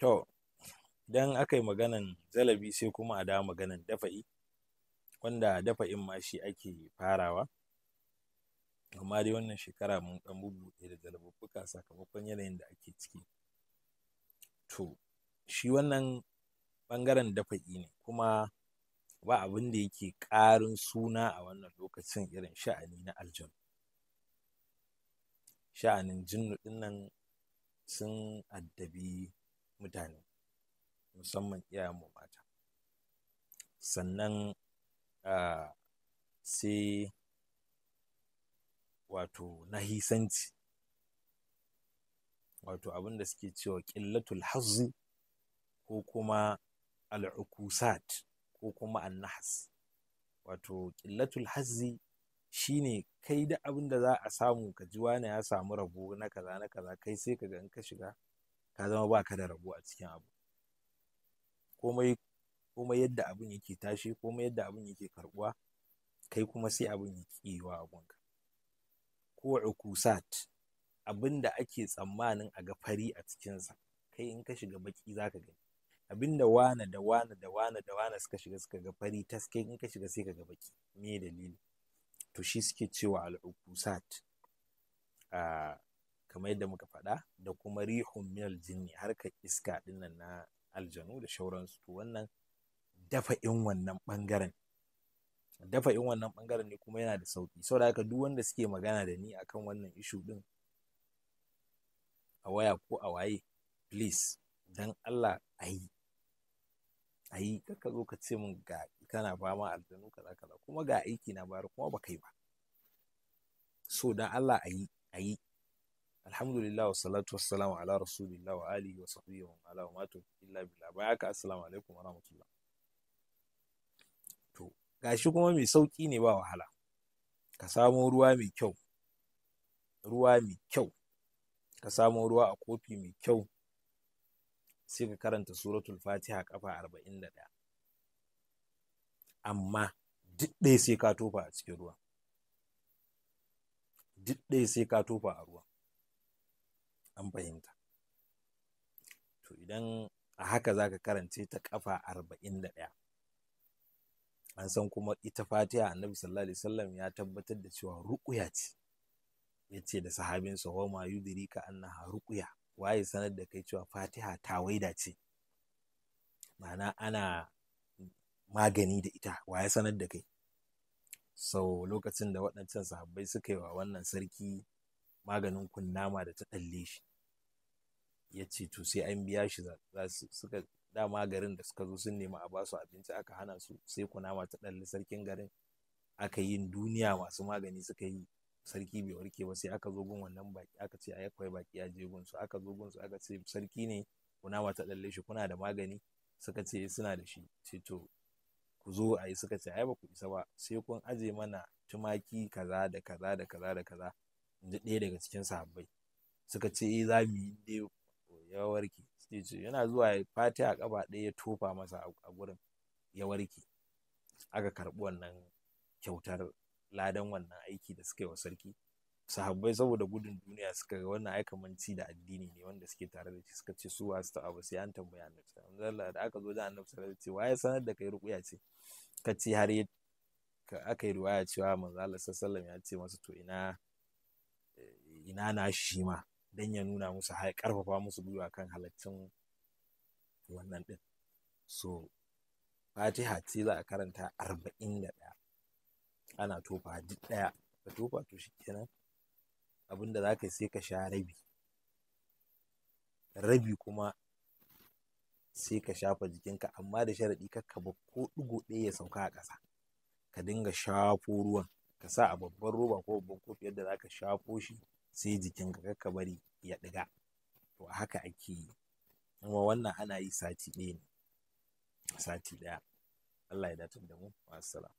To, idan aka yi maganan zalabi sai kuma a dawo maganan dafa'i, wanda dafa'in ma shi ake farawa. Amma dai wannan shekara mun ɗan bubbuɗe da galabubbuka sakamakon yanayin da ake ciki. To, shi wannan ɓangaren dafa'i ne kuma ba abin da yake ƙarin suna a wannan lokacin irin sha'ani na aljanu. Sha'anin jinnu ɗinnan nan sun addabi mutane musamman iyayenmu mata sannan ah, sai wato nahisanci wato abin da suke cewa ƙillatul hazzi ko kuma al'ukusat ko kuma annahas wato ƙillatul hazzi shine kai da abin da za a samu ka ji wane ya samu rabo na kaza na kaza kai sai ka ga in ka shiga ka zama ba ka da rabo a cikin abu komai komai yadda abin yake tashi komai yadda abin yake karbuwa kai kuma sai abin ya abun ka. ko ukusat abinda da ake tsammanin a ga fari a cikinsa kai in ka shiga baki za ka gani abin da wana da wana da wana da suka shiga suka ga fari taske in ka shiga sai ka ga baki me dalili to shi suke cewa al al'ukusat ah, kamar yadda muka faɗa da kuma rihun minal jinni harkar iska dinnan na aljanu da shauransu to wannan in wannan ɓangaren dafa'in wannan ɓangaren ne kuma yana da sauƙi saboda haka duk wanda suke magana da ni akan wannan ishu ɗin a waya ko a waye please dan Allah a yi a ka zo ka ce min ga kana fama aljanu kaza kaza kuma ga aiki na bayar kuma ba kai ba so dan Allah a yi alhamdulillah wa salatu wassalamu ala rasulillah wa alihi wa sahbihi wa ala wa matu illa billah bai haka assalamu alaikum wa rahmatullah to gashi kuma mai sauki ne ba wahala ka samo ruwa mai kyau ruwa mai kyau ka samo ruwa a kofi mai kyau sai ka karanta suratul fatiha kafa arba'in da amma duk ɗaya sai ka tofa a cikin ruwa duk ɗaya sai ka tofa a ruwa fahimta to idan a haka za ka karance ta kafa arba'in da ɗaya an san kuma ita fatiha annabi sallallahu alaihi wasallam ya tabbatar da cewa ruƙuya ce ya ce da sa wa ma yudrika annaha ruƙuya waye sanar da kai cewa fatiha ta waida ce ma'ana ana magani da ita waye sanar da kai sau lokacin da waɗancan sahabbai suka yi wa wannan sarki maganin kunnama da ta ɗalle shi ya ce to sai an biya shi za su suka dama garin da suka zo sun nemi a basu abinci aka hana su sai kunama ta ɗalli sarkin garin aka yin duniya masu magani suka yi sarki bai warke ba sai aka zo gun wannan baki aka ce ayi kwai baki a je su aka zo su aka ce sarki ne kunama ta ɗalli shi kuna da magani suka ce eh, suna da shi ce to ku zo a suka ce ayi ba ku isa ba sai kun aje mana tumaki kaza da kaza da kaza da kaza in ɗaya daga cikin sahabbai suka ce eh, za mu yi dai ya warke sai ce yana zuwa ya fati a kaba ɗaya ya tofa masa a gurin ya warke aka karɓi wannan kyautar ladan wannan aiki da suka yi wa sarki sahabbai saboda gudun duniya suka ga wannan aika manci da addini ne wanda suke tare da shi suka ce su wasu ta abu sai an tambaya annabi sallallahu da aka zo da annabi sallallahu alaihi wasallam ya sanar da kai rukuya ce ka ce har aka yi riwaya cewa manzo sallallahu ya ce masa to ina ina na shi ma don ya nuna musu har karfafa musu gwiwa kan halaccin wannan din so fatiha ce za a karanta arba'in da ɗaya ana tofa duk ɗaya ka tofa to shi kenan abinda za ka sai ka sha rabi rabi kuma sai ka shafa jikinka amma da sharaɗi ka ba ko ɗigo ɗaya ya sauka a ƙasa ka dinga shafo ruwan ka sa a babban roba ko babban kofi yadda za ka shafo shi sai jikin ka ka bari ya ɗiga to haka ake yi kuma wannan ana yi sati ɗaya ne sati ɗaya Allah ya datar da mu wassalam